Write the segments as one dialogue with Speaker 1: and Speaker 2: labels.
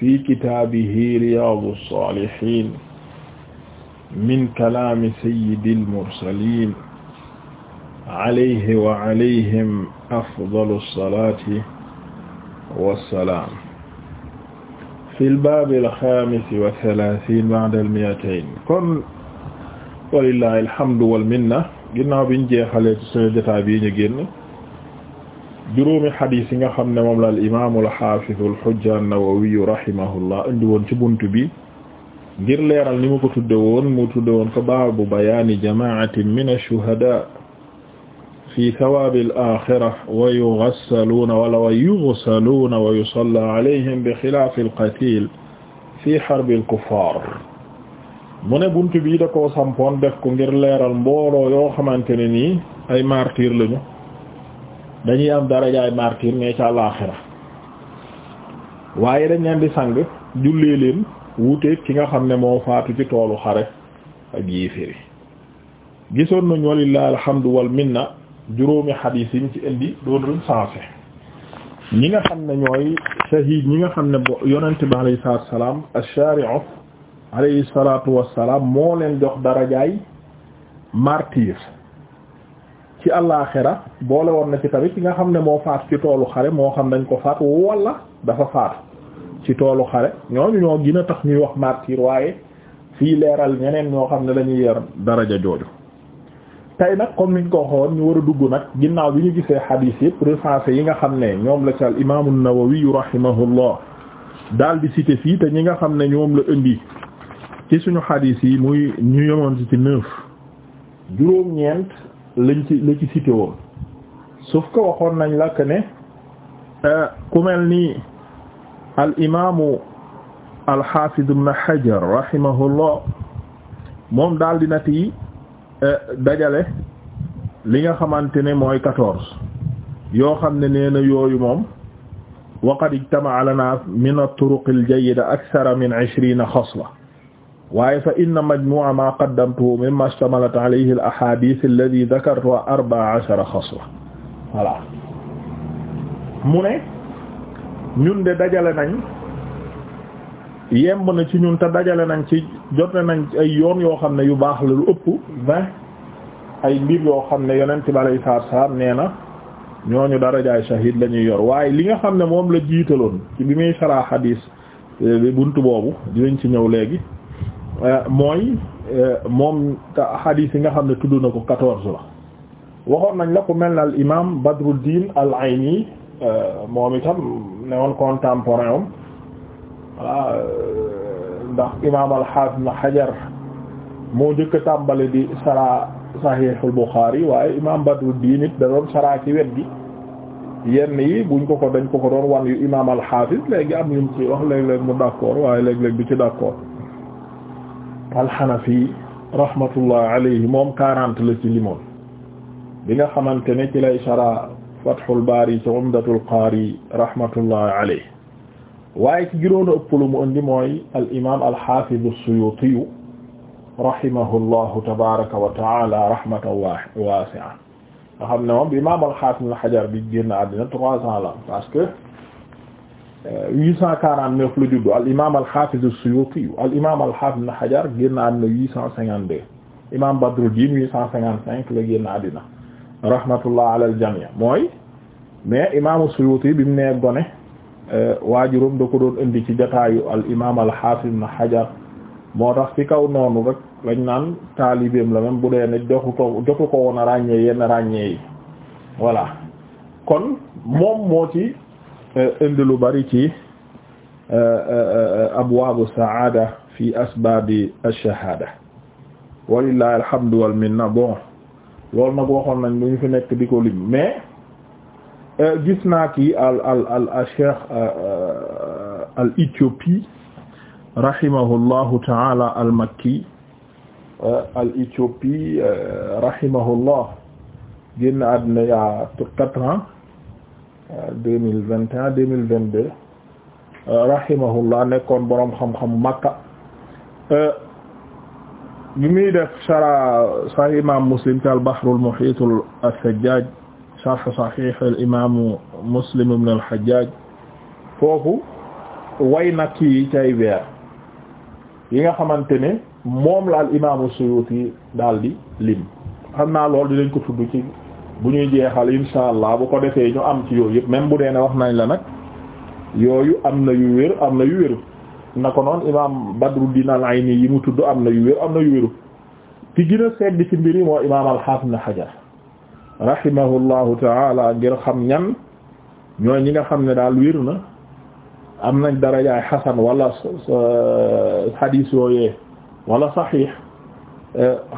Speaker 1: fi kitaabihi riyaadu saalihiin min kalaami sayyidil mursaliin alayhi wa alayhim afdalu salaati wa salaam. fil baabil xaamisi wa salaasiin ba'dal mi'atayn kon walillaahi alhamdu wal minna ginnaaw biñ jeexalee ci sunu jotaay bii ñu génn. juróomi xadis yi nga xam ne moom la al imaamu al xaafizu al xujja an-Nawawi rahimahullah indi woon ci buntu bi ngir leeral ni mu ko tudde woon mu tudde woon ko baabu bayaani jamaatin min ash-shuhadaa fi thawaabil aaxira wa yughassaluuna wala wa yughsaluuna wa yusallaa alayhim bi xilaafi al-qatiil fi xarbi al-kuffaar mu ne buntu bi da koo sampoon def ko ngir leeral mbooloo yoo xamante ne nii ay martyr lañu dañuy am darajaay martyr mais ca àlaxira waaye dañ leen di sang jullee leen wuuteeg ki nga xam ne moo faatu ci toolu xare ak yéeféri gisoon na walillahi alhamdu wal minna juróomi xadiis yi ci indi doon recensé ñi nga xam ne ñooy shahid ñi nga xam ne bo yonente bi alayhi salaatu wassalaam ash-shari'u alayhi salaatu wassalaam moo leen jox darajaay martyr ci àllaaxira boole woon na ci tamit ki nga xam ne moo faatu ci toolu xare moo xam dañ ko faatu walla dafa faatu ci toolu xare ñooñu ñoo gin a tax ñuy wax martyr waaye fii leeral ñeneen ñoo xam ne lañuy yer daraja jooju tey nag comme niñ ko waxoon ñu war a dugg nag ginnaaw bi ñu gisee xadiis yëpp recensé yi nga xam ne ñoom la ci al imaamu Nawawi rahimahullah daal di cité fii te ñi nga xam ne ñoom la indi ci suñu xadiis yi muy ñu yemoon ci ci neuf lañ ci la ci waxoon nañ la ne euh, ku mel ni al imaamu al xaafid ibn Hajar rahimahullah moom daal dina ti euh, dajale li nga xamante ne mooy quatorze yoo xam ne nee yooyu moom wa qad ijtama'a lana min at-turuq al-jayyida akthara min xasla waaye fa inna majmu'a ma qaddamtuhu mimma ishtamalat alayhi al ahadith alladhi dhakartu arba'a ashara xasla voilà mu ne ñun de dajale nañ yemb na ci ñun te dajale nañ ci jot nañ ay yoon yoo xam ne yu baax la lu ëpp vingt ay mbir yoo xam ne yonent bi alayhi salaatu salaam nee na ñooñu darajaay shahid la yor waaye li nga xam ne moom la jiitaloon ci bi muy saraa xadiis eh, bunt boobu dinañ ci ñëw léegi Euh, mooy euh, moom hadith yi nga xam ne tudd na ko quatorze la waxoon nañ la ku mel ne al imam Badruddin al Ayni euh, moom itam ne woon contemporain am ndax imam al Hafiz na Hajar moo njëkk tàmbali bi sara Sahihul Bukhari waaye imam Badruddin it da doon sara ci wet gi yenn yi buñ ko ko dañ ko ko doon wan yu imam al Hafiz léegi am ñu ci wax léeg-léeg mu d'accord waaye léeg-léeg du ci d'accord alxanafi rahmatullah alayhi moom quarante la ci limoon bi nga xamante ne ci lay sara fathul baari ci umdatul qaari rahmatullah alayhi waaye ci juróona ëpp lu mu indi mooy al imaam al xaafiz as-Suyuuti rahimahullahu tabaaraka wa ta'aala rahmatan waasi'a nga xam ne moom bi imaam al xaafiz al Hajar bi génn àddina trois ans la parce que 849 la juddu al imaam al xaafiz as-Suyuuti al imaam al xaafiz Ibn Hajar génn àddina 852 imaam Badruddin 855 la génn àddina rahmatullah ala al jamii mooy mais imaam as-Suyuuti bi mu nee gone euh, waajuram da ko doon indi ci jataayu al imaam al xaafiz Ibn Hajar moo tax ci kaw noonu rek lañ naan taalibeem la même bu dee ne joxu ko joxu ràññee yenn ràññee yi voilà kon moom moo ci. Eh, indi lu bari ci eh, eh, abwaabu saada fi asbaabi ash-shahaada walillahi alhamdu wal minna bon loolu nag waxoon nañ lu ñu fi nekk di ko lim mais gis naa ki al al al al cheikh al éthiopie rahimahullahu taala al makki al éthiopie rahimahullah génn àddina yaa quatre ans deux mille vingt et un deux mille vingt euh, nekkoon boroom xam-xam Makka euh, bi muy def shara sahih imam Muslim ci al-Bahrul Muhit as-Sajjaj sharh sahih al-imam Muslim ibn al-Hajjaj foofu way nak yi cay weer yi nga xamante ne moom la al imam Suyuti daal di lim xam naa loolu dinañ ko tudd ci bu ñuy jeexal insha allah bu ko defee ñu am ci yooyu yëpp même bu dee wax nañ la nag yooyu am na yu wér am na yu wéru na ko noon imaam Badruddin al-Ayni yi mu tudd am na yu wér am na yu wéru ki gën a sedd ci mbiri moo imaam al-Hafiz Ibn Hajar rahimahullahu taala ngir xam ñan ñooy ñi nga xam ne daal wér na am nañ darajaay xasan wala xadiis yooyee wala saxiix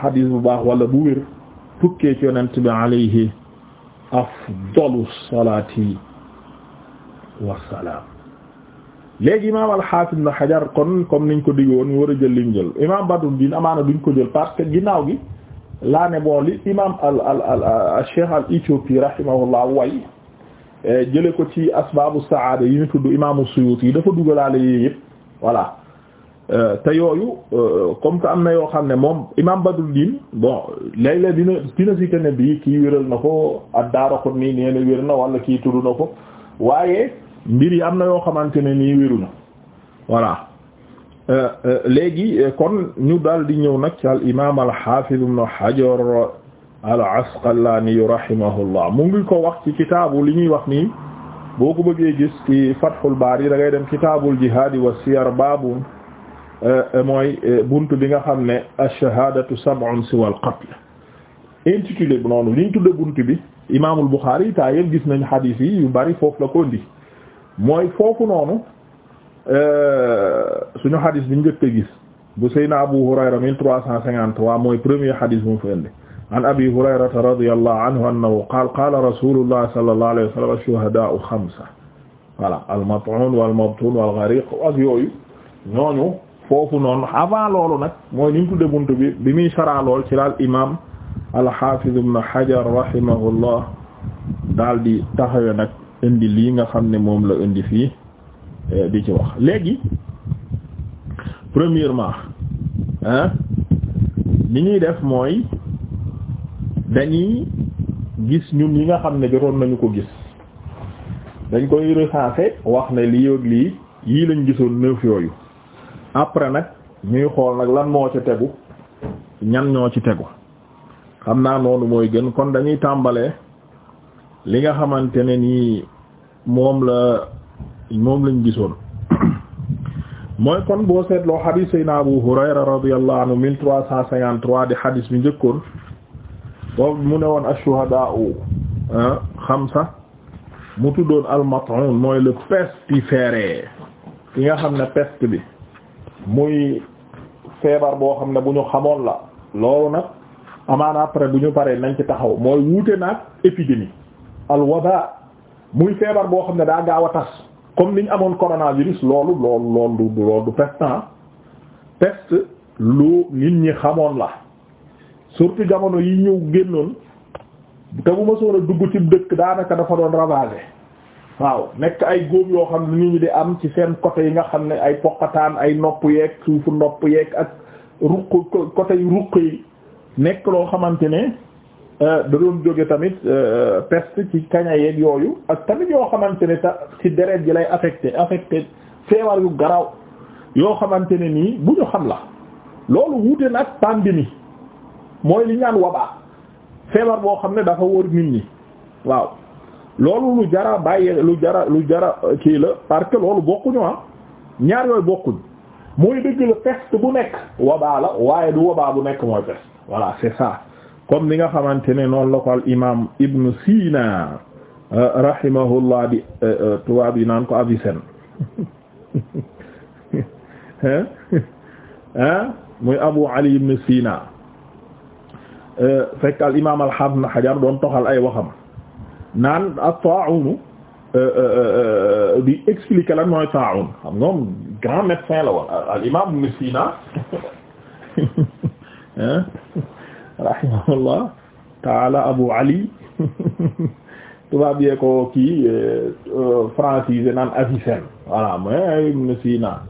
Speaker 1: xadiis eh, bu baax wala bu wér tukkee ci yonent bi alayhi afdalu salaati wassalaam léegi imaam al-Hafiz Ibn Hajar kon comme niñ ko diggoon ñu war a jël liñ jël imaam Badruddin duñ ko jël parce que ginnaaw gi laa ne bon li imaam al al al al al Éthiopie rahimahullah way eh, jële ko ci asbaabu saada yi ñu tudd imaamu Suyuti yi dafa dugalaale yii yëpp voilà Euh, te yooyu euh, comme que am na yoo xam ne moom imam Badruddin bon léeg-léeg dina dina si ne bii kii wéral na ko ad-Daraqutni nee na wér na wala kii tudd na ko waaye mbir yi am na yoo xamante ne nii wéru na voilà euh, léegi kon ñu daal di ñëw nag ci al imam al-Hafiz ibn Hajar al-Asqalani rahimahullah mu ngi ko wax ci kitaabu li ñuy wax nii boo ko bëggee gis ci Fathul Bari da ngay dem kitaabul jihaad wa siyar baabu Euh, euh, mooy euh, buntu bi nga xam ne ash-shahaadatu sab'un siwa al-qatl intitulé bi noonu liñ tudde buntu bi imaamul Buxaari taa yëpp gis nañ xadiis yi yu bari foofu la ko indi mooy foofu noonu suñu xadiis bi njëkk a gis bu Seydina Abu Hurayra 1353 mooy premier xadiis bu mu fa indi an Abi Hurayrata radiyallahu anhu annahu qaala qaala rasuulullahi sallallahu alayhi wa sallam ash-shuhadaa'u xamsa voilà al-mat'uun wal-mabtuun wal-ghariiq ak yooyu ñooñu foofu noonu avant loolu nag mooy ni ñu tudde buntu bi bi muy saraa lool ci laal imaam al-Hafiz ibn Hajar rahimahullah daal di taxawe nag indi lii nga xam ne moom la indi fii eh, di ci wax léegi premièrement hein ni ñuy def mooy dañuy gis ñun yi nga xam ne jotoon nañu ko gis dañ koy recenser wax ne lii ak lii yii lañ gisoon neuf yooyu après nag ñuy xool nag lan moo ci tegu ñan ñoo ci tegu xam naa noonu mooy gën kon dañuy tàmbalee li nga xamante ne nii moom la moom lañ gisoon mooy kon boo seetloo xadiis sayna Abu Hurayra radiyallahu anhu mille trois cent cinquante-trois di xadiis bi njëkkoon boobu mu ne woon ash xam ah, xamsa mu tuddoon al-mat'un mooy le pestiféré ki nga xam ne peste bi muy feebar boo xam ne bu ñu xamoon la loolu nag amaana après bu ñu paree nañ ci taxaw mooy wuute naag épidémie al waba muy feebar boo xam ne daa gaaw a tas comme niñ amoon coronavirus loolu lool loolu du loolu du peste ah lu nit ñi xamoon la surtout jamono yi ñëw génnoon te bu ma soon a dugg ci dëkk daanaka dafa doon ravager waaw nekk ay góob yoo xam ne nit ñi di am ci seen côté yi nga xam ne ay poqataan ay nopp yeeg suufu nopp yeeg ak ruq côté yu ruq yi nekk loo xamante ne euh, da jóge tamit euh, peste ci kaña yeeg yooyu ak tamit yoo xamante ne ta ci deret ji lay affecté affecté feebar yu garaw yoo xamante ne nii bu ñu xam la loolu wuute nag pandémie mooy li ñaan wabaa feebar boo xam ne dafa wër nit ñi waaw loolu lu jara bàyyi lu jara lu jara kii la parce que loolu bokkuñu ah ñaar yooyu bokkuñ mooy dëgg la peste bu nekk wabaa waaye du wabaa bu nekk mooy peste voilà c'est ça comme ni nga xamante ne noonu la ko al imam Ibn Sina euh, rahimahullah di euh, euh, tubaab yi naan ko Avicenne hein muy Abu Ali Ibn Sina fekk al imam al-Hafiz Hajar doon toxal ay waxam naan at-ta'un euh, euh, euh, di expliquer lan mooy ta'un xam moom grand médecin la woon al imam Ibn Sina rahimahullah taala Abu Ali tubaab yee ko kii francisé naan Avicenne voilà mooy Ibn Sina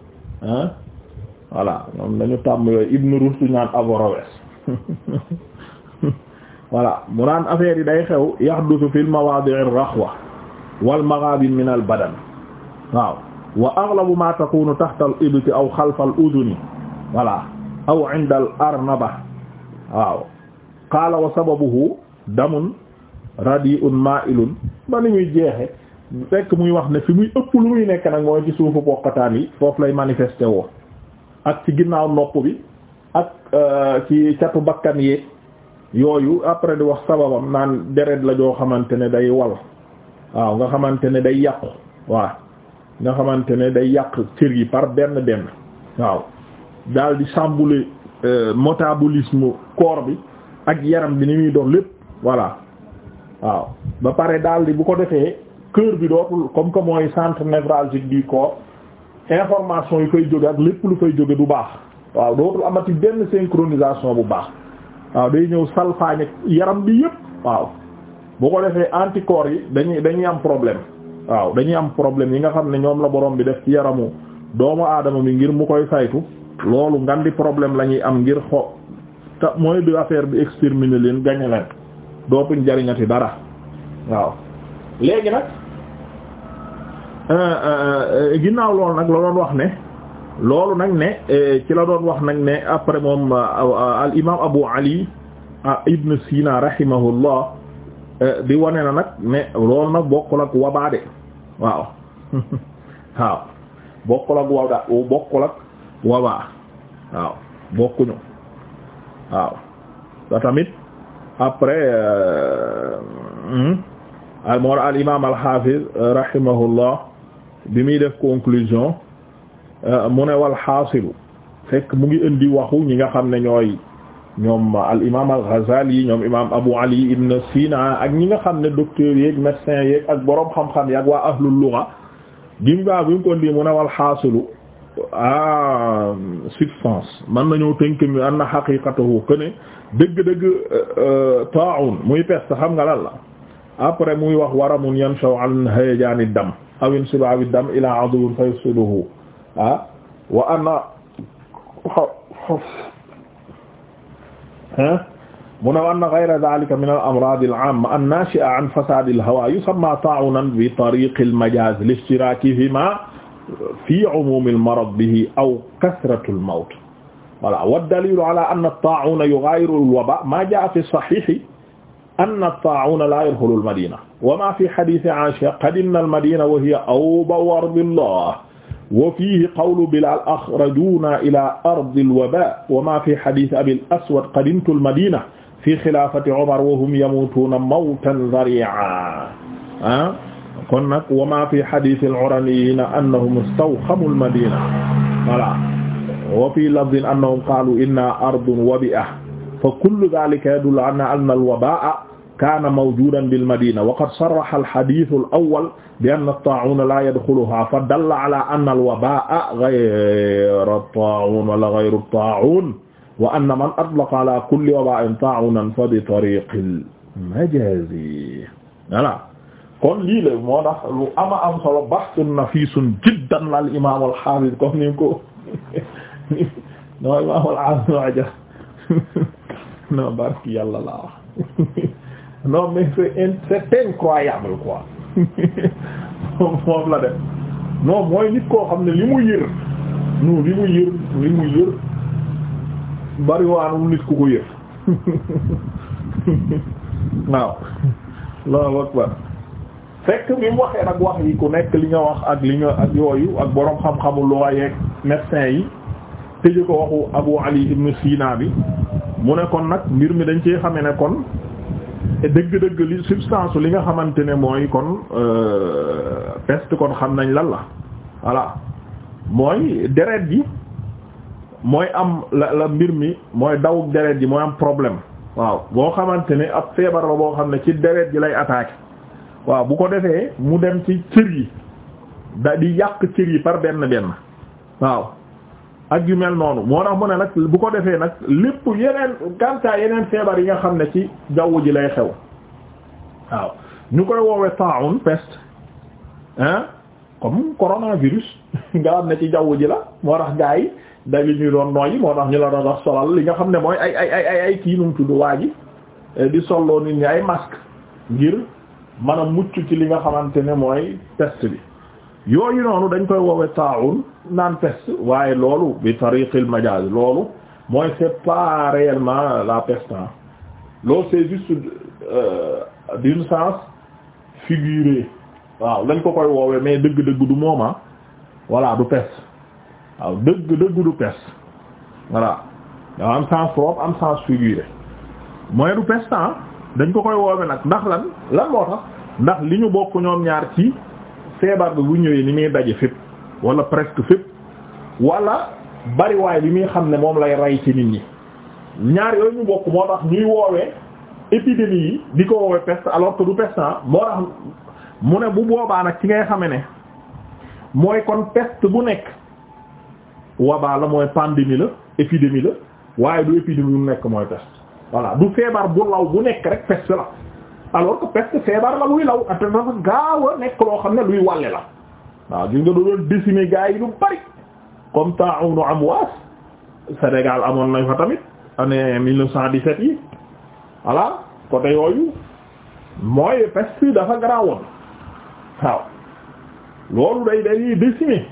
Speaker 1: voilà ñoom dañu tàmm yooyu Ibn Rushd naan Averroès voilà mu naan affaire yi day xew yahdusu fil mawaadi'ir raxwa wal maghaabin min al badan waaw wa aghlabu ma takunu tahta al ibti aw xalfa al uduni voilà aw inda al arnaba waaw qaala wa sababuhu damun radi'un ma'ilun ba ni muy jeexe fekk muy wax ne fi muy ëpp lu muy nekk nag mooy ci suufu bokkataan yi foofu lay manifesté woo ak ci ginnaaw nopp bi ak euh, ci catu bakkan yi yooyu après di wax sababam naan deret la joo xamante ne day wal waaw nga xamante ne day yàqu waa nga xamante ne day yàq cër yi par benn benn waaw dal di chamboulé euh, métabolisme corps bi ak yaram bi ni muy doon lépp voilà waaw ba pare daal di bu ko defee cœur bi dootul comme que mooy centre névralgique du corps information yi koy jóge ak lépp lu koy jóge du baax waaw dootul amati benn synchronisation bu baax waaw day ñëw salfaañ yaram bi yépp waaw bu ko defee anticorps yi dañuy dañuy am problème waaw dañuy am problème yi nga xam ne ñoom la boroom bi def ci yaramu doomu aadama bi ngir mu koy saytu loolu ngan di problème la ñuy am ngir xo te mooy bi affaire bi exterminer leen gañe leen dootuñ jariñati dara waaw léegi nag euh, euh, euh, ginnaaw loolu nag laloon doon wax ne loolu nag ne eh, ci la doon wax nag ne après moom eh, eh, al imam Abu Ali ah, ibn Sina rahimahullah di wane na nag ne loolu nag bokkul ak wabaade waaw waaw bokkul ak wabaa waaw bokkuñu waaw ta tamit après moor hmm, al imam al hafiz rahimahullah bi muy def conclusion Euh, mu ne wal xaasilu fekk mu ngi indi waxu ñi nga xam ne ñooy ñoom al imam al Ghazali ñoom imam Abu Ali ibn Sina ak ñi nga xam ne docteurs yeeg médecins yeeg ak borom xam-xam yaag waa ahlul lugha gim ngaa bi nga ko indi mu ne wal xaasilu ah substance mën nañoo tënk mi anna xaqiqatahu que ne dëgg-dëgg euh, euh, taa'un muy peste xam nga lan la après muy wax waramun yanshaw an hayajaani dam awin sibaabi dam ila aduwin faysuduhu ah wa ana ah mu ne wa anna ghayra dhalika min al-amrad al-amma an-nashi'a an fasad al-hawa yusamma ta'unan bi tariq al-majaz li-ishtiraki fima fi umum al-marad bihi aw kasrat al-mawt voilà wad-dalil ala anna at-ta'un yughayiru al-waba ma ja'a fi as-sahih anna at-ta'un la yadkhulu al-madina wa ma fi hadith 'Aisha qadimna al-madina wa hiya awba ardillah wa fiihi qawlu Bilaal axrajuunaa ilaa ardil wabaa wa maa fi hadiisi abil aswad qadimtul madiina fi xilaafati Umar wa hum yamuutuuna mawtan zarii'an ah kon nag wa maa fi hadiisil uraniyyiina annahum istawxamul madiina voilà wa fii lafzin annahum qaaluu innaa ardun wabi'a fa kullu zaalika yadullu alaa anna al-wabaa'a kaana mawjudan bil madina wa qad sarraha al hadith al awwal bi anna at-ta'un la yadkhuluha fa dalla ala anna al waba'a ghayru at-ta'un wala ghayru at-ta'un wa anna man atlaqa ala kulli waba'in ta'unan fa bi tariq al majazi voilà kon lii la moo tax lu ama am solo bahsun nafisun jiddan lal imam al hafiz comme ni ko no imam al hafiz waja no barki yàlla laa wax non mais c'est c'est incroyable quoi moom la def non mooy nit koo xam ne li mu yër non li mu yër li nit ku ko yër waaw loolu akbar fekk bi waxee nag wax yi ku nekk li nga wax ak li nga ak yooyu ak boroom xam-xamu loi yeeg médecin yi tëje ko waxu Abu Ali ibn Sina bi mu ne kon nag mbir mi dañ ci xame ne kon te dëgg-dëgg li substance li nga xamante ne mooy kon euh, peste kon xam nañ lan la voilà mooy deret ji mooy am la la mbir mi mooy daw deret ji mooy am problème waaw boo xamante ne ab feebar la boo xam ne ci deret ji lay attaque waaw bu ko defee mu dem ci cër yi da di yàq cër yi par benn benn waaw ak yu mel noonu moo tax mu ne nag bu ko defee nag lépp yeneen gantaa yeneen feebar yi nga xam ne ci jaww ji lay xew waaw ñu koy woowee taa'un peste hein comme coronavirus nga xam ne ci jaww ji la moo tax gaa yi day li ñuy doon nooyi moo tax ñu la doon wax solal li nga xam ne mooy ay ay ay ay kii num tudd waa ji eh, di solloo nit ñi ay masque ngir mën a mucc ci li nga xamante ne mooy peste bi yooyu noonu dañ koy woowe taawun naan peste waaye loolu bi tariqil majaz loolu mooy set pas réellement la peste hein loolu c'est juste euh, d'une sens figuré waaw dañ ko koy woowe mais dëgg-dëgg du mooma voilà du peste waaw dëgg-dëgg du peste voilà waaw am sens propre am sens figuré mooy du peste dañ ko koy woowe nag ndax lan lan moo tax ndax li ñu bokk ñoom ñaar ci feebar bi bu ñëwee ni muy daje fépp wala presque fépp wala bariwaay bi muy xam ne moom lay rey ci nit ñi ñaar yooyu ñu bokk moo tax ñuy woowee épidémie yi di ko woowee peste alors que du peste ah moo tax mu ne bu boobaa nag ci ngay xame ne mooy kon peste bu nekk wabaa la mooy pandémie la épidémie la waaye du épidémie bu nekk mooy peste voilà du feebar bu law bu nekk rek peste la alors ko peste feebar la luy law ate dafa gaaw a nekk loo xam ne luy wàlle la waaw gis nga doon décimer gars yi lu bari comme ta'unu Amwas Sénégal amoon nañ fa tamit année 1917 yi voilà côté yooyu mooy peste dafa garaawoon waaw loolu day day décimer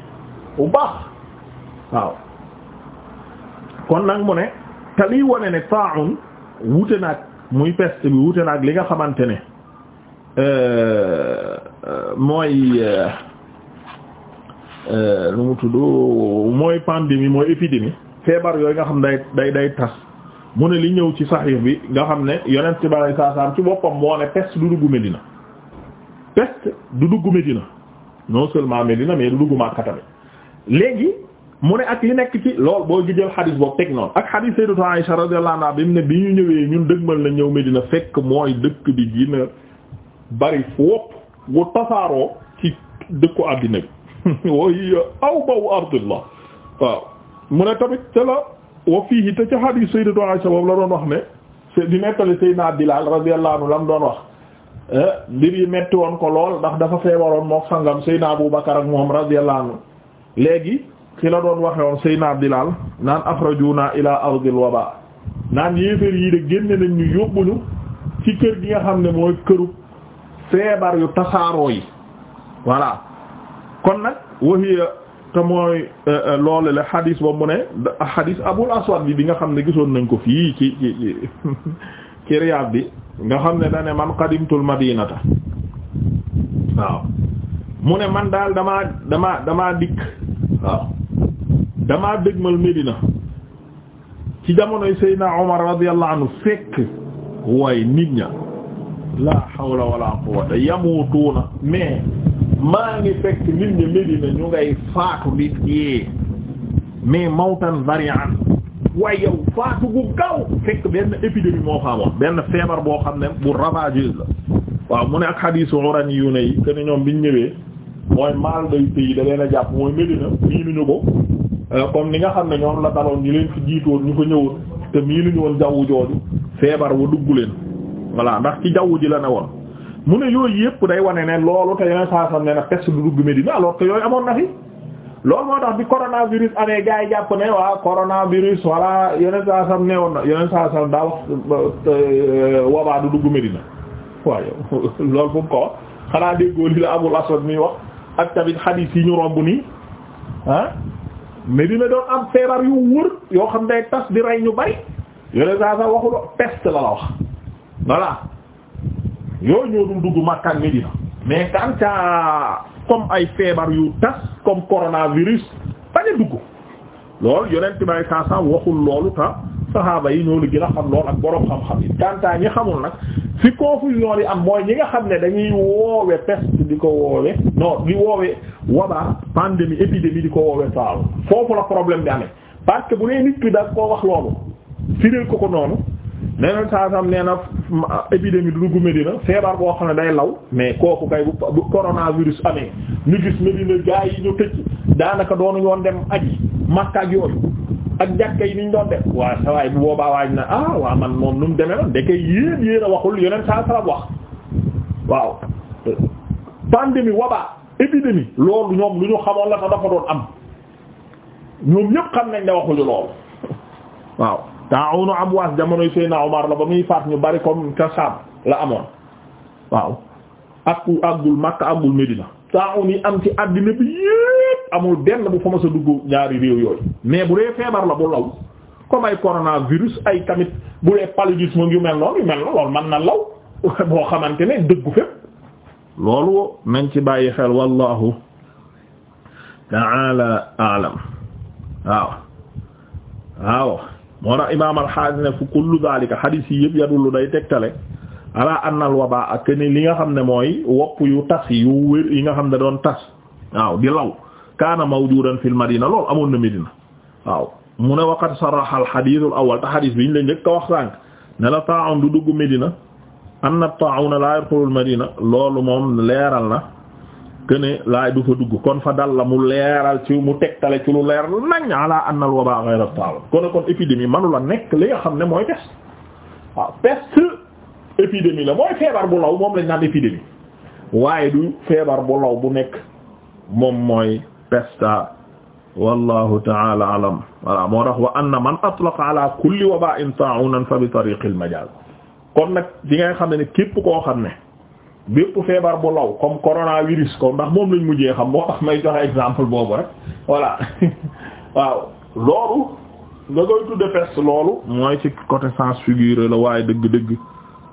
Speaker 1: bu baax waaw kon nag mu ne te liy wane ne ta'un wute nag muy peste bi wute na ak li nga xamante ne euh, euh, mooy lu euh, mu tudd mooy pandémie mooy épidémie feebar yooyu nga xam day day day tas mu ne li ñëw ci saxiix bi nga xam ne yonent bari saasaam ci boppam moo ne peste du dugg Medina peste du dugg Medina non seulement Medina mais du dugg Makka tamit léegi mu ne ak li nekk ci lool boo jël xadis boobu teg noonu ak xadis Sayyidatu Aisha radiyallahu anha bi ne bi ñu ñëwee ñun dëgmal na ñëw Medina fekk mooy dëkk bi dina bari foop gu tasaaroo dëkku àddina bi waoy aw waaw mu ne tamit ca la wa te ca xadis Sayyidatu Aisha boobu la doon wax ne c'est di nettali Sayyidina Bilaal radiyallahu anhu la mu doon wax eh, mbir yi metti woon ko lool ndax dafa feebaroon mook sangam Sayyidina Abu Bakar ak moom radiyallahu anhu léegi ci la doon waxe woon Bilaal naan akhrajuna ila ardil waba naan yéeféer yi de génne nañ ñu ci kër gi nga xam ne mooy këru feebar yu taxaaroo yi voilà kon nag waxiya te mooy euh, euh, loolu la xadis ba mu ne xadis abul aswad bi bi nga xam ne gisoon nañ ko fii ci ci ci Riyad bi nga xam ne dane man qadimtul madinata waaw mu ne man daal damaa damaa dama dikk waaw damaa dégmal Medina ci jamonoy Seydina Omar radiyallahu anhu fekk waaye nit ña la hawla wala quwwata yamutuuna mais maa ngi fekk nit ña Medina ñu ngay faatu di dee mais mawtan varian waaye yow faatu gu gaaw fekk benn épidémie moo xamoon benn feebar boo xam ne bu ravageuse la waaw mu ne ak xadiisu oran yu ne yi te ñoom biñ ñëwee mooy mal day pays da leen jàpp mooy Medina miinuñu ko comme euh, ni nga xam ne ñoom la daloon ñu leen fi jiitoon ñu fa ñëwoon te mii lu ñu woon jooju feebar wa dugg leen voilà ndax ci jaww ji la ne woon mu ne yooyu yëpp day wane ne loolu te yeneen saa sam ne na peste du dugg Medina alors que yooyu amoon na fi loolu moo tax bi coronavirus amee gars yi jàpp ne waa coronavirus voilà yeneen saa sam ne woon na yeneen saa sam daa wax euh, euh, du dugg Medina waaw loolu fu mu ko wax xanaa déggoo li la Abul Aswad mi wax ak tamit xadiis yi ñu romb nii ah mais dina doon am feebar yu wër yoo xam day tas di rey ñu bari yooyu saa saa waxul peste la la wax voilà yooyu ñoo dul dugg Makka ak Medina mais quant à comme ay feebar yu tas comme coronavirus bañ a dugg loolu yonent may saasam waxul loolu ta saxaaba yi ñoo lu la xam lool ak boroom xam-xam yi kantaa ñi xamul nag fi confusion yi am mooy ñi nga xam ne dañuy woowe peste di ko woowe non di woowe wabaa pandémie épidémie di ko woowe saaru foofu la problème bi amee parce que bu nee nit ki da koo wax loolu firéel ko ko noonu neneen saasam nee na épidémie du dugg Medina feebar boo xam ne day law mais kooku kay bu coronavirus amee ñu gis Medina gaa yi ñu tëj daanaka Makka ak yooyu ak jàkka yi niñ doon def waaye sa waay bu boobaa waaj na ah waa man moom nu mu demee noonu ndeke yéen yéen a waxul yeneen saa salaam wax waaw pandémie wabaa épidémie loolu ñoom lu ñu xamoon la sax dafa doon am ñoom ñëpp xam nañ ne waxuñu loolu waaw ta'unu Amwaas jamonoy Seydina Omar la ba muy faat ñu bari comme kasab la amoon waaw akku àggul Makka àggul Medina taawun yi am ci àddina bi yépp amul benn bu fa ma sa dugg ñaari réew yooyu mais bu dee feebar la bu law comme ay coronavirus ay tamit bu dee paludisme yu mel noonu yu mel noonu na law boo xamante ne dëggu fépp loolu nañ ci bàyyi xel wallahu ta'ala a'lam waaw waaw moo tax imaam al-Hasan ne fu kullu zalika hadith yi yëpp yadullu ala annal waba ak li nga xam ne mooy wopp yu tas yu wér yi nga xam ne doon tas waaw di law kaana mawjudan fil madina amoon na Medina waaw mu ne waqat saraha al hadith al awwal te hadith bi ñu la njëkk a wax sànq ne la ta'un du dugg Medina la yadkhulu al loolu moom leeral na que ne laay du fa dugg kon fa dal la mu leeral ci mu tegtale ci lu leeral nañ ala anna al waba ghayra ta'un kon kon épidémie nekk li nga xam ne mooy peste épidémie la mooy feebar bu law moom lañ naan épidémie waaye du feebar bu law bu nekk moom mooy pesta wallahu taala alam voilà moo tax wa anna man atlaqa ala kulli waba'in ta'unan fa bi tariqil majaz kon nag di ngay xam ne képp koo xam ne bépp feebar bu law comme coronavirus ko ndax moom lañ mujjee xam moo tax may joxe exemple boobu rek voilà waaw loolu nga koy tudde peste loolu mooy ci côté sens figuré la waaye dëgg-dëgg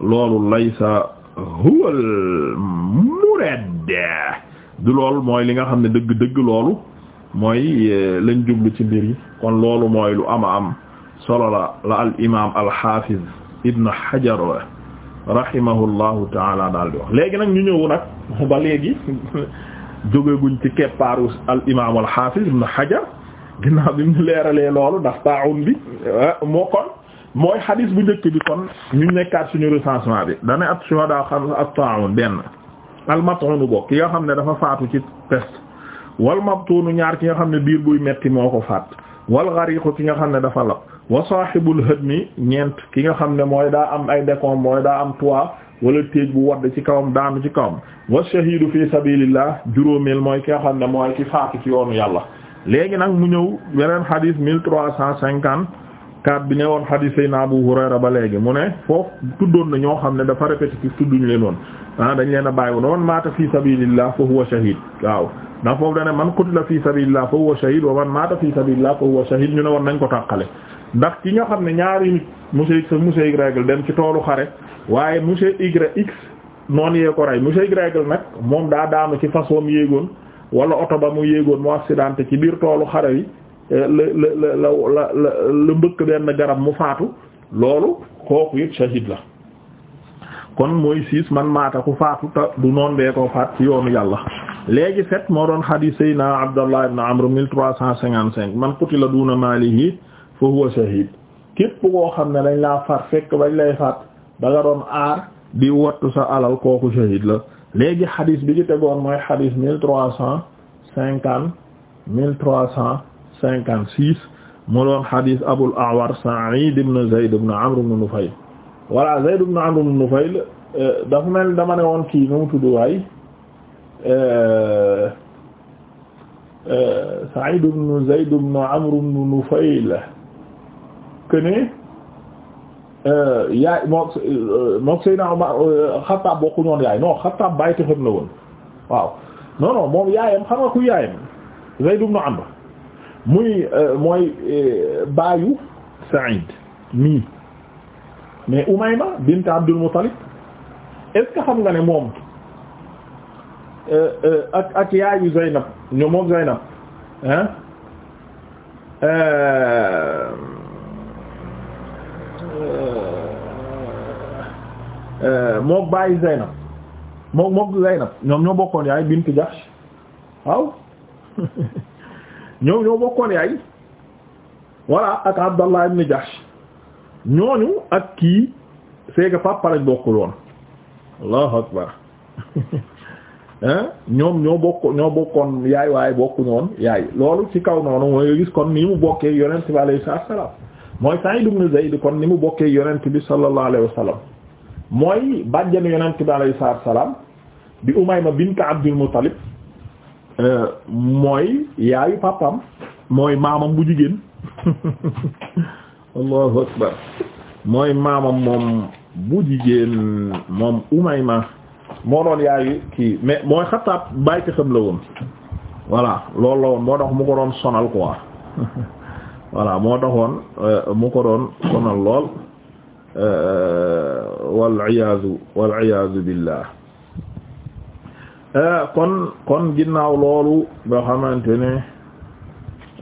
Speaker 1: loolu laysa huwa al murad du loolu mooy li nga xam ne dëgg-dëgg loolu mooy eh, lañ jublu ci mbir yi kon loolu mooy lu ama am solo la la al imaam al xaafiz ibn Hajar rahimahullahu taala daal di wax léegi nag ñu ñëw nag ba léegi jógeguñ ci keppaaru al imaam al xaafiz ibn Hajar ginnaaw bi mu leeralee loolu ndax taawun bi eh, moo mooy xadis bu njëkk bi kon ñu nekkaat suñu recensement bi dana at shuhada xam at-ta'un benn al-mat'un bokk ki nga xam ne dafa faatu ci peste wal mabtun ñaar ki nga xam ne biir buy metti moo ko faat wal ghariq ki nga xam ne dafa lab wa sahibul hadmi ñeent ki nga xam ne mooy daa am ay décombres mooy daa am toit wala téej bu wadd ci kawam daanu ci kawam wa shahidu fi sabilillah juróomeel mooy ki nga xam ne mooy ki faatu ci yoonu yàlla léegi nag mu cent cinquante kaat bi ne woon xadiis na Abu Hurayra ba léegi mu ne foofu tuddoon na ñoo xam ne dafa répétitif tudduñu leen woon ah dañ leen a bàyyi woon man maata fi sabilillah fa huwa shahid waaw ndax foofu dane man qutila fi sabilillah fa huwa shahid wa man maata fi sabilillah fa huwa shahid ñu ne woon nañ ko tàqale ndax ci nga xam ne ñaari nit monsieur x monsieur y dem ci toolu xare waaye monsieur y x noonu yee ko rey monsieur y nag moom daa daanu ci façon yéegoon wala oto ba mu yéegoon mu accidenté ci biir toolu xare yi Eh, la la la la mbëkk benn garab mu faatu loolu kooku it shahid la kon mooy siis man maata ku faatu ta du noon bee koo faat ci yoonu yàlla léegi fet moo doon hadith sayna Abdallah ibn Amr 1355 man qutila duna malihi fa huwa shahid képp koo xam ne dañ laa faat fekk bañ lay faat ba nga doon aar di wattu sa alal kooku shahid la léegi hadith bi ci tegoon mooy hadith 1350 1300 cinquante six mu doon xadis Abul A'war Sa'id ibn Zayd ibn Amr ibn Nufayl voilà Zayd ibn Amr ibn Nufayl euh, dafa mel dama ne woon kii nu mu tudd waay euh, euh, Sa'id ibn Zayd Amr ibn Nufayl kene yaay moo mook Seydina Umar Xattaab bokku ñoon yaay non Xattaab bàyyi te xam na woon waaw non non moom yaayam xam Amr muy euh, mooy euh, baayu Saïd mii mais Umayma bint Abdul Muttalib est-ce que xam nga ne moom euh, ak ak yaayu Zaynab ñoom moom Zaynab hein mook baayu Zaynab mook mook Zaynab ñoom ñoo bokkoon yaay bint Jahsh waaw ñoom ñoo bokkoon yaay voilà ak Abdallah ibn Jahsh ñooñu ak kii c'est que bokkul woon allahu akbar ñoom ñoo bokk ñoo bokkoon yaay waaye bokkuñu woon yaay loolu ci kaw noonu mooy gis kon ni mu bokkee yonent bi alayhi salaam mooy Sa'id ibn Zayd kon ni mu bokkee yonent bi sallallahu alayhi wa mooy bàjjanu yonent bi alayhi salaam di Umayma bint Abdul Muttalib Euh, mooy yaayu papam mooy maamam bu jigéen allahu akbar mooy maamam moom bu jigéen moom Umayma moo doon yaayu kii mais mooy Xattaab bàyyi xam la woon voilà loolu la woon moo tax mu ko doon sonal quoi voilà moo taxoon euh, mu ko doon sonal lool euh, wal iyaazu wal iyaazu billah Eh, kon kon ginnaaw loolu nga xamante ne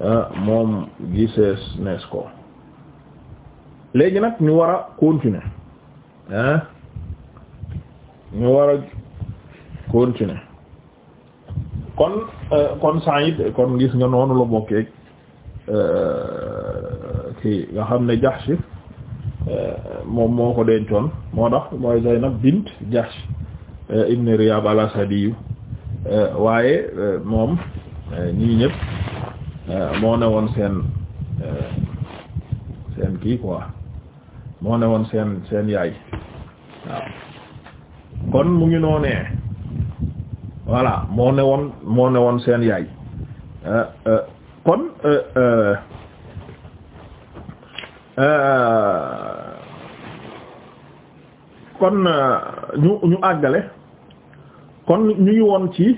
Speaker 1: eh, moom gisees nees ko léegi nag ñu war a continuer eh? ñu war a continuer kon kon Sa'id kon gis nga noonu la bokkeeg kii nga xam ne Jahsh moom moo ko dencoon moo tax mooy nag bint Jahsh Eh, ibn Riyab al-Asadi eh, waaye eh, moom ñii ñëpp moo ne woon seen seen kii quoi moo ne woon seen seen yaay waaw kon mu ngi noonee voilà moo ne woon moo ne woon seen yaay kon kon euh, ñu àggale kon ñu ngi woon ci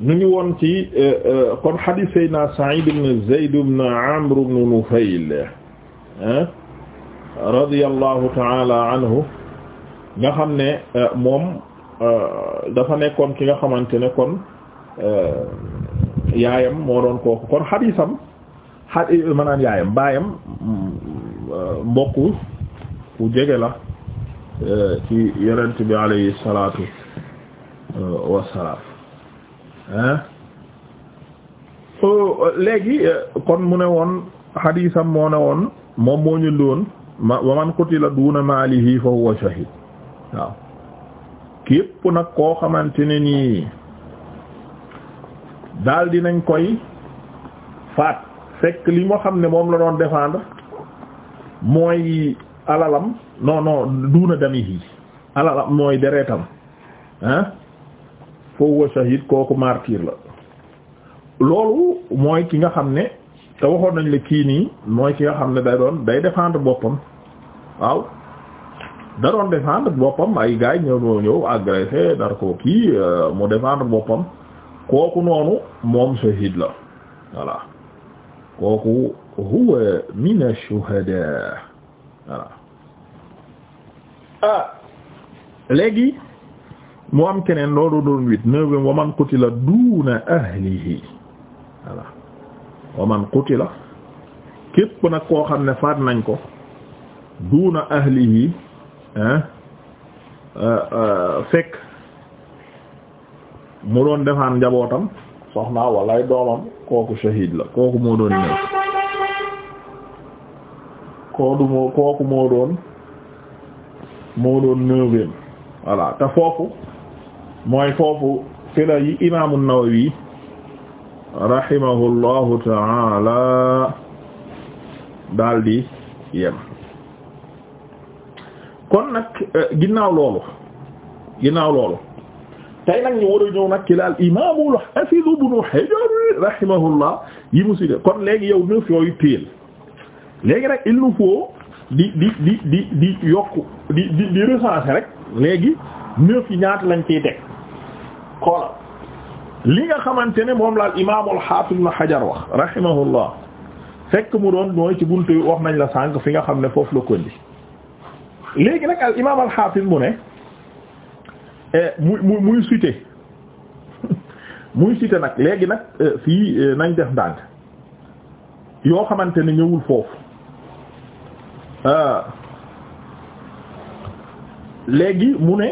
Speaker 1: ñu ngi woon ci euh, euh, kon hadith sayna Sa'id ibn Zayd ibn Amr ibn Nufayl radiyallahu ta'ala anhu nga xam ne moom dafa nekkoon ki nga xamante ne kon yaayam moo doon kooku kon xadisam xadi maanaam yaayam baayam mm, mbokku ku jege la ci yonent bi alayhi salaatu euh, wassalaam hein léegi kon mu ne woon xadiisam moo ne woon moom moo ñu doon ma wa man qutila duuna maalihi fa huwa shahid waaw képp nag koo xamante ne nii daal dinañ koy faat fekk li moo xam ne moom la doon défendre mooy alalam non non duuna damihi alal mooy deretam ah fa huwa shahid kooku martyr la loolu mooy ki nga xam ne te waxoon nañ la kii nii mooy ki nga xam ne day doon day défendre boppam waaw da doon défendre boppam ay gars ñëw ñoo ñëw agressé dar ko kii euh, mu défendre boppam kooku noonu moom shahid la voilà kooku huwa min ash-shuhada voilà ah léegi mu am keneen loolu doon huit neuvième wa man qutila duuna ahlihi voilà wa man qutila képp nag koo xam ne faat nañ ko duuna ahlihi hein euh, euh, fekk mu doon defaan njabootam soxna walaay doomam kooku shahid la kooku moo doon néew moo kooku moo doon moo doon neuvième voilà te foofu mooy foofu fi la yi imaamu Nawawi rahimahullahu taala daldi yem kon nag eh, ginnaaw loolu ginnaaw loolu tey nag ñu war a ñëw nag ci laal imaamul hafiz ibnu Hajar yi mu si de kon léegi yow neuf yooyu téel léegi il nous faut di di di di di yokk di di rek léegi neuf yi ñaata lañ ciy teg xoolal li nga xamante ne moom laal imaamul xaafis na xajar wax rahimahullah fekk mu doon mooy ci buntu wax nañ la sànq fi nga xam ne foofu la ko indi léegi nag al imaam al mu ne muy eh, muy muy cité muy cité nag léegi nag eh, fii eh, nañ def ndànk yoo xamante ne ñëwul foofu. Ah. léegi mu ne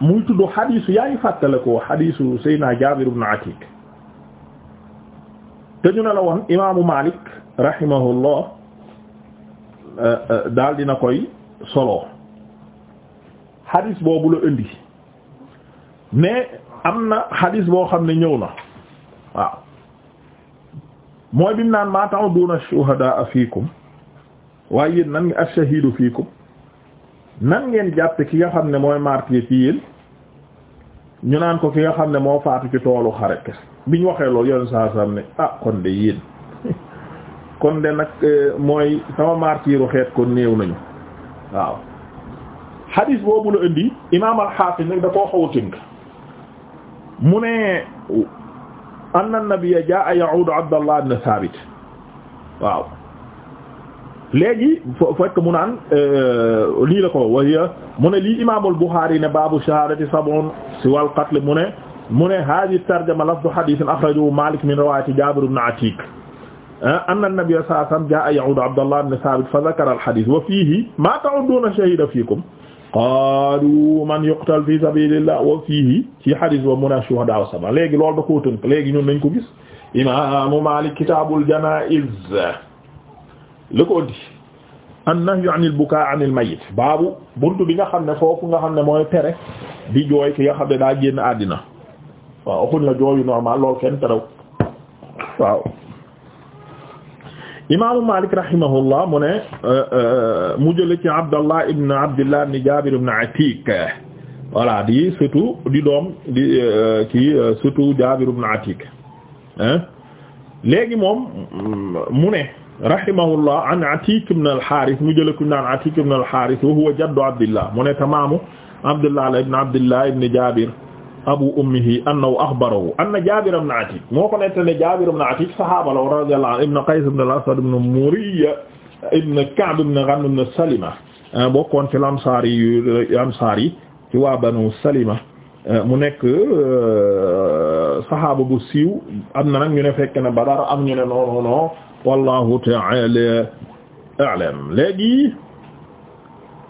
Speaker 1: muy tudd xadiisu yaa ngi fàttale ko xadiisu Seydina Jaabir ibn Atik te ñu ne la woon imaamu Malik rahimahullah eh, eh, daal dina koy solo xadit boobu la indi mais am na xadiis boo xam ne ñëw na waaw mooy bi mu naan maa ta'uduna shuhadaa fiikum waaye yéen nan nga ak shahidu fiikum nan ngeen jàppe ki nga xam ne mooy martyr ci yéen ñu naan ko ki nga xam ne moo faatu ci toolu xare kese biñ waxee loolu yoon saa saa ne ah kon de yéen kon de nag eh, mooy sama martiru xeet kon néew nañu waaw xadiis boobu la indi imaam al-Hafiz nag da koo xaw a tënk mu ne anna nabiyya jaa'a ya'uudu Abdallah ibn Thabit waaw léegi fekk mu naan euh, lii la ko waya mu ne lii imaamul Buxaari ne baabu shahaadati sab'un siwal qatl mu ne mu ne haadihi tarjama lafdu hadiisin axrajahu Maalik min riwaayati Jaabir ibn Atiik ah, anna nabiyya sallallaahu alayhi wa sallam jaa'a ya'uudu Abdallah ibn Saabit fa zakara al-hadiis wa fiihi maa ta'udduuna shahiida fiikum qaalu man yuqtal fi sabiilillah wa fiihi ci hadiis wa mu ne shuhadaa sab'a léegi loolu da koo tënk léegi ñun nañ ko gis imaamu Maalik kitaabul janaa'iz la ko ëndi an nahyu anil bukaa anil mayit baabu buntu bi nga xam ne foofu nga xam ne mooy tere di jooy ki nga xam ne daal génn àddina waaw waxuñ la jooyu normal lool kenn terew waaw imaamu Malik rahimahullah mu ne euh, euh, mu jële ci Abdallah ibn Abdillah ibn Jabir ibn Atik voilà surtout di doom di euh, moom mu ne rahimahullah an Atik ibn al-Harith mu jëlee ku ñu naan Atik ibn al-Harith wa huwa jaddu Abdillah mu ne tamaamu Abdillah la ibn Abdillah ibn Jabir abu ummihi annahu akhbarahu anna Jabir ibn Atik moo ko nettali Jabir ibn Atik sahaaba la radiyallahu anhu ibn Qays ibn al-Aswad ibn Muriya ibn Ka'b ibn Ghanm ibn Salima eh, bokkoon ci Ansaar yi Ansaar yi ci waa Banu Salima eh, mu nekk eh, sahaaba bu siiw am na nag ñu ne fekk na Badar am ñu ne non non non wallahu ta'ala a'lam léegi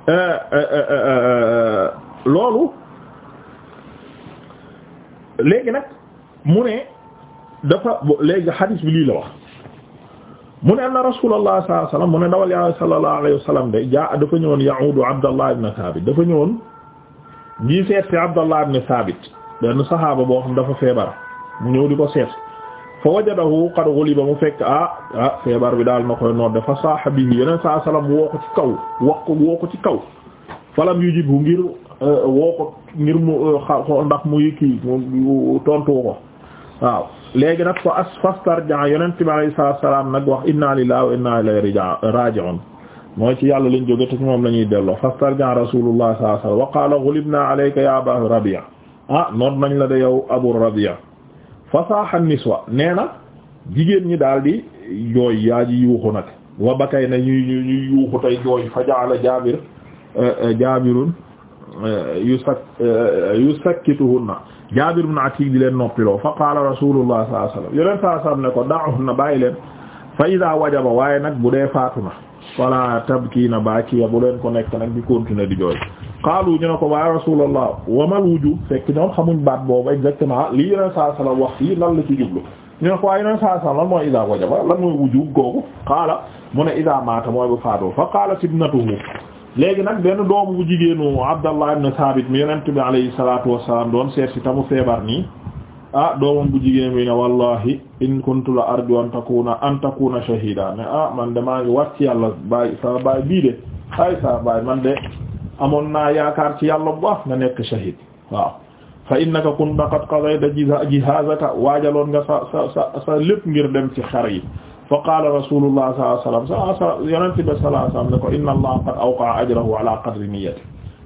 Speaker 1: euh, euh, euh, loolu léegi nag mu ne dafa léegi hadis bi lii la wax mu ne anna rasulullah sallallahu alayhi wa sallam mu ne dawal yàlla sallallahu alayhi wa sallam de jaa dafa ñëwoon ya'udu Abdallah ibn Thabit dafa ñëwoon ngii seet si Abdallah ibn Thabit benn saxaaba boo xam dafa feebar mu ñëw di ko seet fa wajadahu qad ghuliba mu fekk ah ah feebar bi daal na koy noot dafa saaxa bi yeneen saa salaam woo ko ci kaw wax ko woo ko ci kaw falam yujibhu ngir eh, woo ko ngir mu eh, xa ndax muy kii mu tontu ko waaw léegi nag fa as fastarja yonent bi alayhi salaam nag wax inna lillahi wa inna ilayhi raaji'uun mooy ci yàlla lañ jóge te ci moom la ñuy delloo fastarja rasulullah sallallahu alayhi wa qaala ghulibna alayka ya aba rabi'a ah noot nañ la de yow abu rabi'a fasaaxa niswa nee na jigéen ñi daal di jooy yaa ji yuuxu nag wa bakay na ñuy ñuy yuuxu tey jooy fa jaala jaabir eh, eh, jaabirun eh, yu sak yu sakkituhunna jaabir ibn Atiq di leen noppiloo fa qaala rasulullah sallallahu alayhi wasallam yeneen saa sallam ne ko da'uhunna bàyyi leen fa idaa wajaba waaye nag bu dee faatu na fala tabkiina baakiya bu leen ko nekk nag di continuer di jooy qaalu ñu ne ko waa rasulallah wamal wujub fekk ñoom xamuñ baat boobu exactement li yeneen saa sallam wax yi lan la ci jublu ñu ne ko waa yeneen saa sallam lan mooy idaa wajaba lan mooy wujub googu qaala mu ne idaa maata mooy bu faatoo fa qaalat ibnatuhu léegi nag benn doomu bu jigéenu Abdallah ibn Saabit mi yonent bi alayhi salaatu wassalaam doon seet si tamu feebar nii ah bu jigéen bi ne wallahi in kuntu la arju an takuna an takuna shahida ne ah man de maa ngi wat baay bii de ay sa baay man de amoon naa yaakaar ci yàlla bu nga nekk shahid waaw fa innaka kunta qad qadayta jihazaka waajaloon nga sa sa sa ngir dem ci xar yi fa qaala rasulullah sallallahu alayhi wasallam sa yonent bi sallallahu alayhi ne ko inna allaha qad awqa'a ajrahu ala qadri niyyati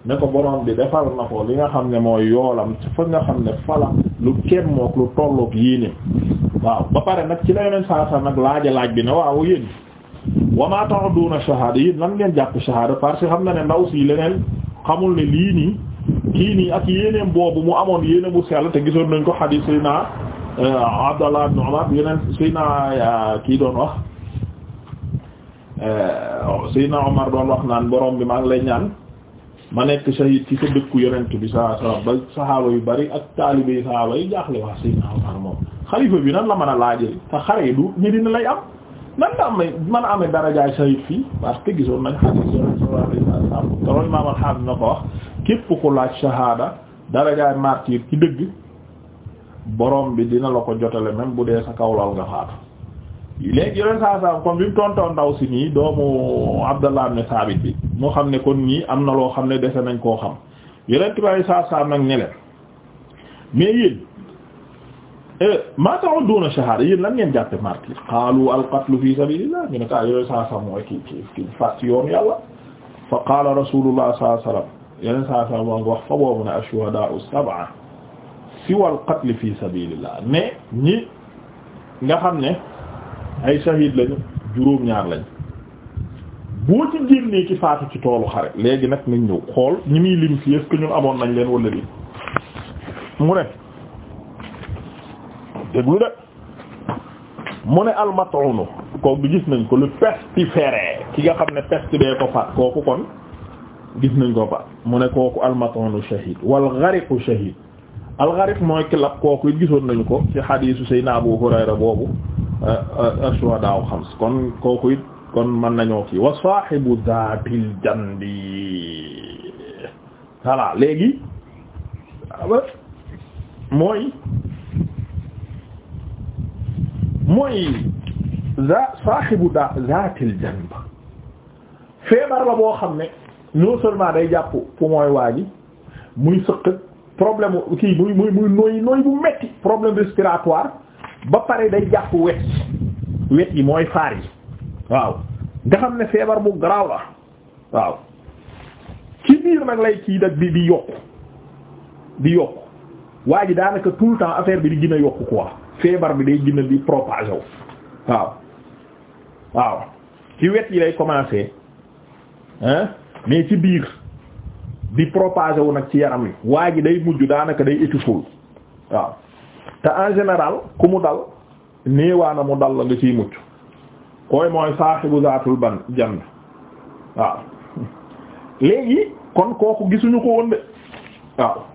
Speaker 1: ne ko borom bi defal na ko li nga xam ne mooy yoolam fa nga xam ne fala lu kenn mook lu tolloog yéenéem waaw ba pare nag ci la yoneen saa saa nag laaja laaj bi ne waaw yéen wamaa ta'uduna shahada yéen lan ngeen jàpp shahada parce que xam na ne ndaw si leneen xamul ne lii nii kii nii ak yéenéem boobu mu amoon yéene bu sell te gisoon nañ ko hadith sayna euh, Abdallah ibn Umar yeneen sayna euh, kii doon wax euh, sayna Umar doon wax naan borom bi maa ngi lay ñaan ma nekk shahid ci sa dëkku yonent bi saa saa ba saxaaba yu bari ak taalibe yi saxaaba yi jaaxle wax Seydina Omar moom xalifa bi nan la mën a laajee te xare yi du ñu dina la amee mën a amee darajaay shahid fii parce que gisoon nañ xadiis yonent sallallahu alayhi wa sallam te loolu ko wax képp ku laaj shahada darajaay martyr ci dëgg borom bi dina la ko jotale même bu dee sa kaw lal nga faatu. léegi yeneen saa saa comme bi mu tontoon ndaw si nii doomu Abdallah ibn Saabit bi moo xam ne kon nii am na loo xam ne dese nañ koo xam yeneen tubaab yi saa saa nag ne leen mais yéen eh, maa ta'udduna shahada yéen lan ngeen jàppe martyr qaalu al-qatlu fi sabilillah ñu ne ko ah yeneen saa saa mooy faat ci yoonu yàlla fa qaala rasulullah sallallahu alayhi wasallam yeneen moo ngi wax fa boobu ne ash-shuhadaa'u sab'a siwa al fi sabilillah mais ñi nga xam ne. ay shahid lañu juróom-ñaar lañ boo ci génnee ci faatu ci toolu xare léegi nag nañ ñëw xool ñi muy lim fii est-ce que amoon nañ leen wala lii mu ne déglu de mu ne almatunu kooku gis nañ ko lu pestiféré ki nga xam ne peste bee ko faat kooku kon gis nañ ko faat mu ne kooku almatunu shahid wal ghariqu shahid al ghariq mooy kilab kooku it gisoon nañu ko ci xadiisu sayna Abu Hurayra boobu Euh, euh, ashwadaaw xams kon kooku it kon mën nañoo kii wa sahibu zaatil janbi voilà léegi euh, mooy mooy za sahibu da zaatil janb feebar la boo xam ne non seulement day jàpp fu mooy waa ji muy sëq problème kii muy muy muy nooy nooy bu metti problème respiratoire ba pare day jàpp wet yi wet yi mooy faar yi waaw nga xam ne feebar bu garaaw la waaw ci biir nag lay kii dag bi di yokk di yokk waa ji daanaka tout le temps affaire bi di gën a yokku quoi feebar bi day gën di propager wu waaw waaw ci wet yi lay commencer hein mais ci biir di propager wu nag ci yaram wi waa ji day mujj daanaka day étouffé waaw te en général ku mu dal néewaana mu dal la nga ciy mucc koy mooy bu zaatul ban jann waaw léegi kon kooku gisuñu ko woon waaw